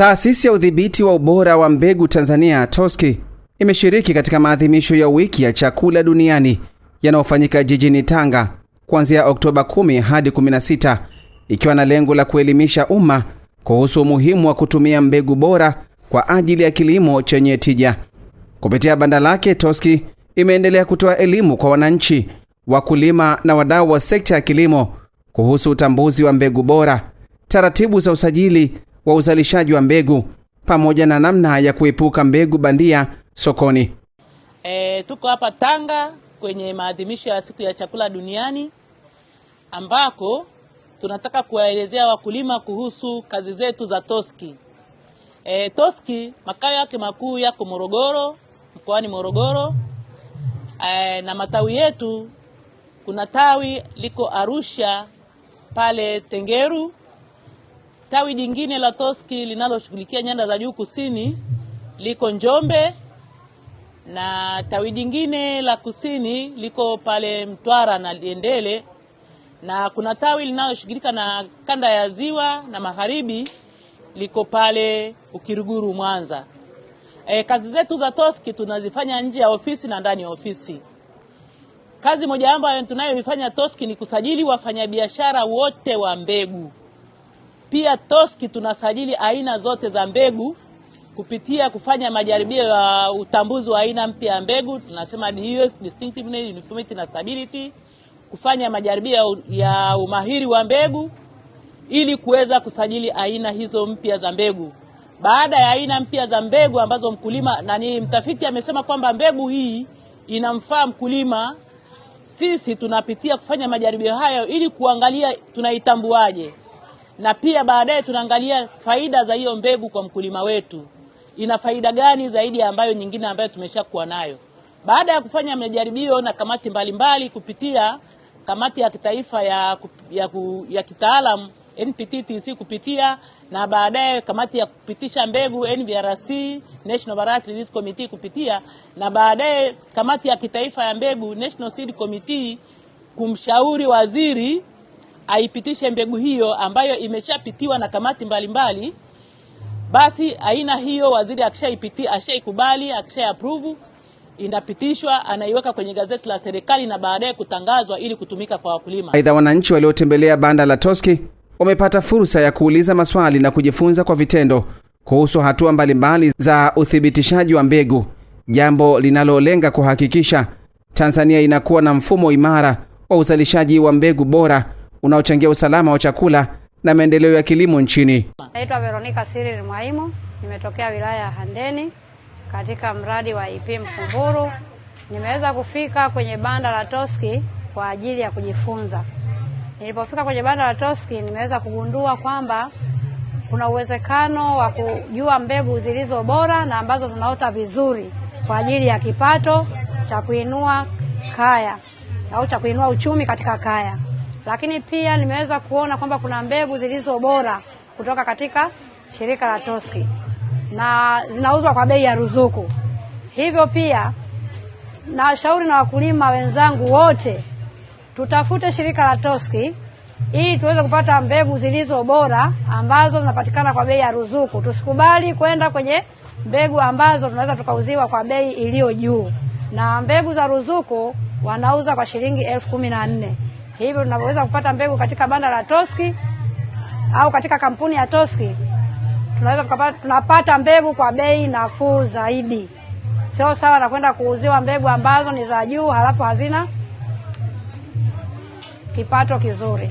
Taasisi ya udhibiti wa ubora wa mbegu Tanzania toski imeshiriki katika maadhimisho ya wiki ya chakula duniani yanayofanyika jijini Tanga kuanzia Oktoba 10 hadi 16 ikiwa na lengo la kuelimisha umma kuhusu umuhimu wa kutumia mbegu bora kwa ajili ya kilimo chenye tija. Kupitia banda lake, toski imeendelea kutoa elimu kwa wananchi, wakulima na wadau wa sekta ya kilimo kuhusu utambuzi wa mbegu bora, taratibu za usajili wa uzalishaji wa mbegu pamoja na namna ya kuepuka mbegu bandia sokoni. E, tuko hapa Tanga kwenye maadhimisho ya siku ya chakula duniani ambako tunataka kuwaelezea wakulima kuhusu kazi zetu za Toski. E, Toski makao yake makuu yako Morogoro, mkoani Morogoro. E, na matawi yetu kuna tawi liko Arusha pale Tengeru Tawi jingine la Toski linaloshughulikia nyanda za juu kusini liko Njombe na tawi jingine la kusini liko pale Mtwara na Liendele, na kuna tawi linaloshughulika na kanda ya ziwa na magharibi liko pale Ukiruguru, Mwanza. E, kazi zetu za Toski tunazifanya nje ya ofisi na ndani ya ofisi. Kazi moja ambayo tunayoifanya Toski ni kusajili wafanyabiashara wote wa mbegu. Pia Toski tunasajili aina zote za mbegu kupitia kufanya majaribio ya utambuzi wa aina mpya ya mbegu, tunasema adherence, distinctiveness, uniformity na stability, kufanya majaribio ya umahiri wa mbegu ili kuweza kusajili aina hizo mpya za mbegu. Baada ya aina mpya za mbegu ambazo mkulima nani, mtafiti amesema kwamba mbegu hii inamfaa mkulima, sisi tunapitia kufanya majaribio hayo ili kuangalia tunaitambuaje na pia baadaye tunaangalia faida za hiyo mbegu kwa mkulima wetu, ina faida gani zaidi ya ambayo nyingine ambayo tumeshakuwa nayo. Baada ya kufanya majaribio na kamati mbalimbali mbali, kupitia kamati ya kitaifa ya, ya, ya kitaalamu NPTTC kupitia na baadaye kamati ya kupitisha mbegu NVRC National Variety Release Committee kupitia na baadaye kamati ya kitaifa ya mbegu National Seed Committee kumshauri waziri aipitishe mbegu hiyo ambayo imeshapitiwa na kamati mbalimbali mbali. Basi aina hiyo waziri akishaipitia, ashaikubali, akisha approve inapitishwa anaiweka kwenye gazeti la serikali na baadaye kutangazwa ili kutumika kwa wakulima. Aidha, wananchi waliotembelea banda la Toski wamepata fursa ya kuuliza maswali na kujifunza kwa vitendo kuhusu hatua mbalimbali za uthibitishaji wa mbegu, jambo linalolenga kuhakikisha Tanzania inakuwa na mfumo imara wa uzalishaji wa mbegu bora unaochangia usalama wa chakula na maendeleo ya kilimo nchini. Naitwa Veronica Cyril Mwaimo, nimetokea wilaya ya Handeni katika mradi wa IP Mkumburu. Nimeweza kufika kwenye banda la Toski kwa ajili ya kujifunza. Nilipofika kwenye banda la Toski nimeweza kugundua kwamba kuna uwezekano wa kujua mbegu zilizo bora na ambazo zinaota vizuri kwa ajili ya kipato cha kuinua kaya au cha kuinua uchumi katika kaya lakini pia nimeweza kuona kwamba kuna mbegu zilizo bora kutoka katika shirika la Toski na zinauzwa kwa bei ya ruzuku. Hivyo pia nawashauri na wakulima wenzangu wote tutafute shirika la Toski ili tuweze kupata mbegu zilizo bora ambazo zinapatikana kwa bei ya ruzuku. Tusikubali kwenda kwenye mbegu ambazo tunaweza tukauziwa kwa bei iliyo juu, na mbegu za ruzuku wanauza kwa shilingi elfu kumi na nne. Hivyo tunavyoweza kupata mbegu katika banda la Toski au katika kampuni ya Toski, tunaweza tukapata, tunapata mbegu kwa bei nafuu zaidi. Sio sawa na kwenda kuuziwa mbegu ambazo ni za juu halafu hazina kipato kizuri.